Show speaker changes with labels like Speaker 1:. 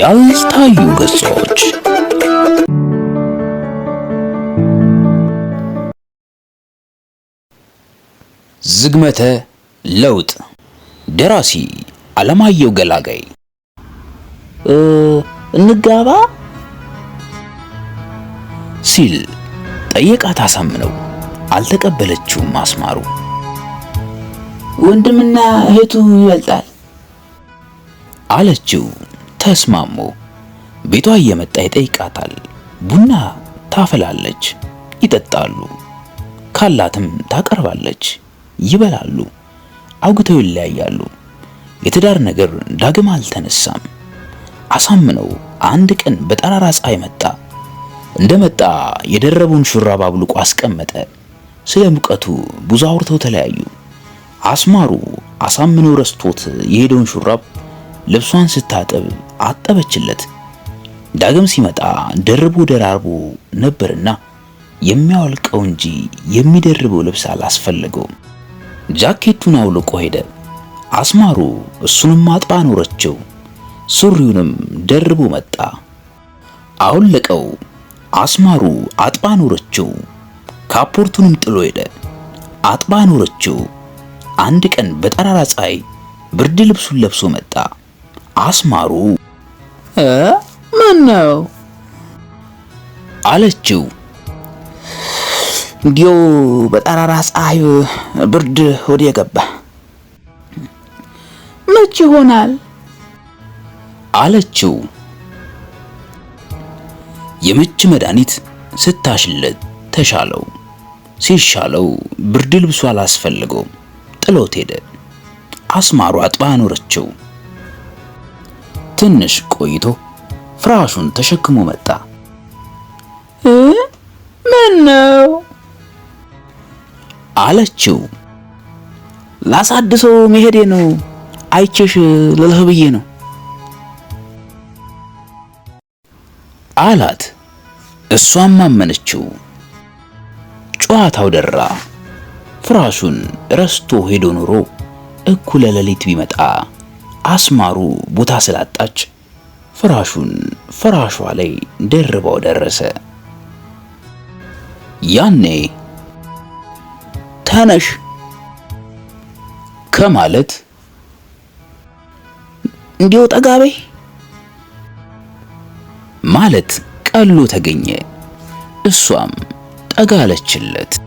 Speaker 1: ያልታዩ ገጾች ዝግመተ ለውጥ ደራሲ አለማየሁ ገላጋይ እንጋባ ሲል ጠየቃት አሳምነው። አልተቀበለችውም አስማሩ። ወንድምና እህቱ ይበልጣል አለችው። ተስማሙ። ቤቷ እየመጣ ይጠይቃታል። ቡና ታፈላለች፣ ይጠጣሉ። ካላትም ታቀርባለች፣ ይበላሉ። አውግተው ይለያያሉ። የትዳር ነገር ዳግም አልተነሳም። አሳምነው አንድ ቀን በጠራራ ፀሐይ መጣ። እንደመጣ የደረበውን ሹራብ አብልቆ አስቀመጠ። ስለ ሙቀቱ ብዙ አውርተው ተለያዩ። አስማሩ አሳምነው ረስቶት የሄደውን ሹራብ ልብሷን ስታጥብ አጠበችለት። ዳግም ሲመጣ ደርቦ ደራርቦ ነበርና የሚያወልቀው እንጂ የሚደርበው ልብስ አላስፈለገውም። ጃኬቱን አውልቆ ሄደ። አስማሩ እሱንም አጥባ ኖረችው። ሱሪውንም ደርቦ መጣ። አውለቀው። አስማሩ አጥባ ኖረችው። ካፖርቱንም ጥሎ ሄደ። አጥባ ኖረችው። አንድ ቀን በጠራራ ፀሐይ ብርድ ልብሱን ለብሶ መጣ። አስማሩ ምን ነው አለችው። እንዲያው በጠራራ ፀሐይ ብርድ ወደ ገባ መች ይሆናል አለችው። የምች መድኃኒት ስታሽለት ተሻለው። ሲሻለው ብርድ ልብሱ አላስፈልገውም ጥሎት ሄደ። አስማሯ አጥባ አኖረችው። ትንሽ ቆይቶ ፍራሹን ተሸክሞ መጣ። ምን ነው አለችው። ላሳድሶ መሄዴ ነው። አይቼሽ ልልህ ብዬ ነው አላት። እሷም አመነችው። ጨዋታው ደራ። ፍራሹን ረስቶ ሄዶ ኑሮ እኩለ ሌሊት ቢመጣ አስማሩ ቦታ ስላጣች ፍራሹን ፍራሿ ላይ ደርባው ደረሰ። ያኔ ተነሽ ከማለት እንዲው ጠጋቤ ማለት ቀሎ ተገኘ። እሷም ጠጋለችለት።